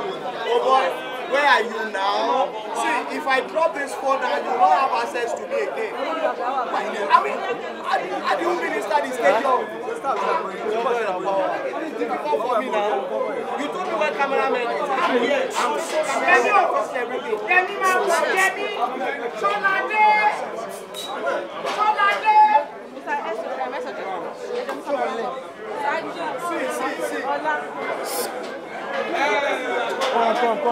Oh boy, where are you now? See, if I drop this phone now, you won't have access to me again. I mean, I do minister this thing now. It's difficult for me now. You told me where cameraman is. I'm here. I'm so cameraman. Everything. Yemi, Yemi, Shola,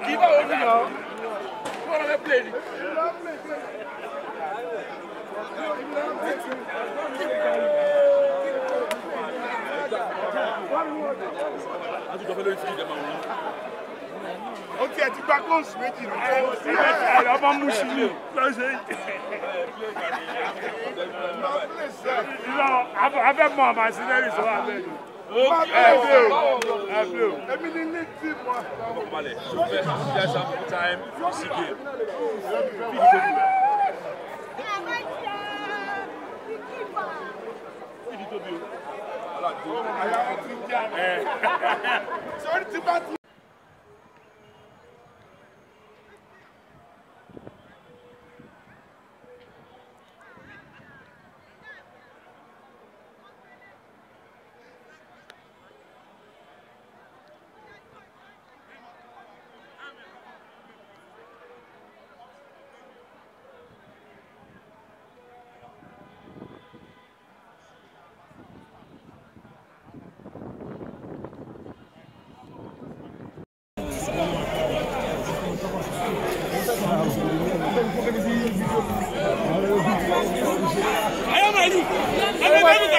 kì í bá wọn nìyàn kí wọn fẹ́ play ni. àtúntò fẹ́ lórí fídíò dẹ́mà wọn. ó tiẹ̀ èmi ni ní tíìmù wa. ọkọ̀balẹ̀ yóò fẹ́ ṣiṣẹ́ sample time sí game bí ìdíje jù lọ. bí ìdíje jù lọ. sọ́ọ́rì tí bá ti.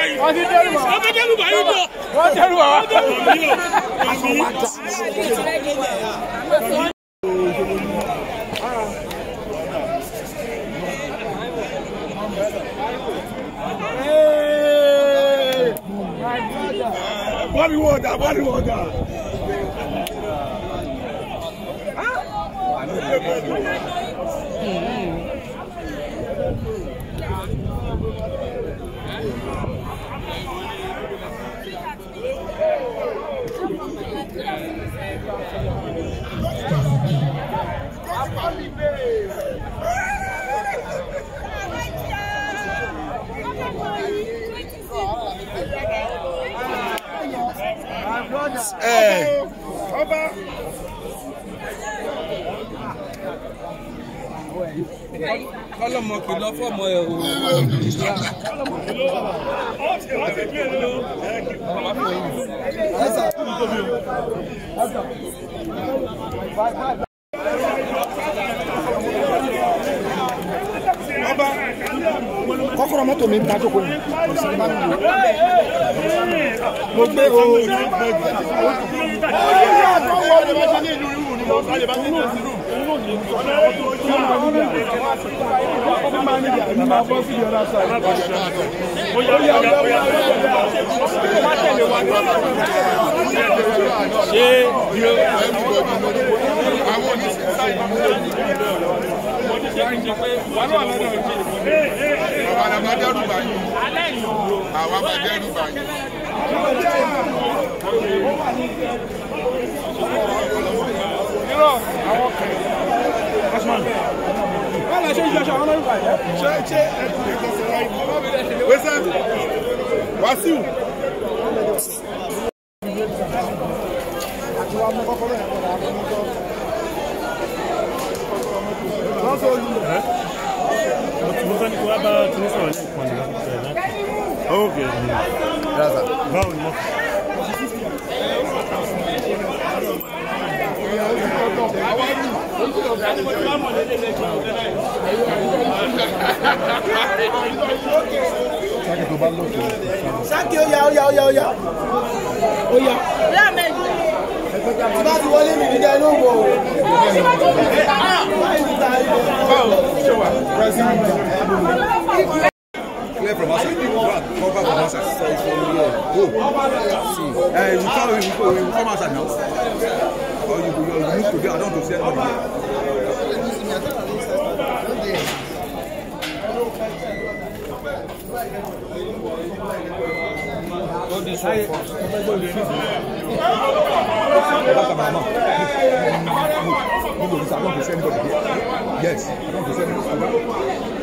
báyìí. Body water, body water. kọlọmọ kì lọ fọmọ ẹ o. ọba kọkọrọ mọtò mi ń ta jókòó yìí kò sí ní bá mi wò mo gbé o. ṣé yóò àwọn oníṣẹ́ṣẹ́ ìgbàlódé àwọn abadẹ́rù báyìí àwọn abadẹ́rù báyìí irọ́ àwọn kẹrẹ osman wọ́n lè ṣe ìṣẹ́ṣẹ́ àwọn ọlọ́run bàjẹ́. ṣé ṣé ẹkùn ẹ̀kọ́ sọ̀rọ̀ yìí wẹ́sẹ̀ wàásù. àti wàá mú kọ́kọ́ bẹ́ẹ̀ kọ́ra àwọn ọmọ tó. wọ́n sọ olùdó. mo fẹ́ kí wọ́n bá tinubu sọ̀rọ̀ ní ìpàdé náà. Ok, Okay. Gracias. Bravo, Sáàkì tó bá lókè. Sáàkì ó yá ó yá ó yá ó yá. Ó yá. Láàmẹ́jì. Tí bá ti wọlé mi nígbà inú wo. Báwo ṣe wà? we will come, we will, we will come outside now. Or you will move today. I don't want to see anybody Yes, I don't want to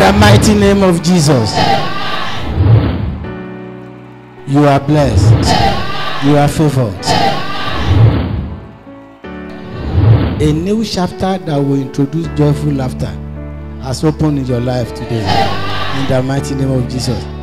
the mighty name of Jesus. You are blessed. You are favored. A new chapter that will introduce joyful laughter has opened in your life today. In the mighty name of Jesus.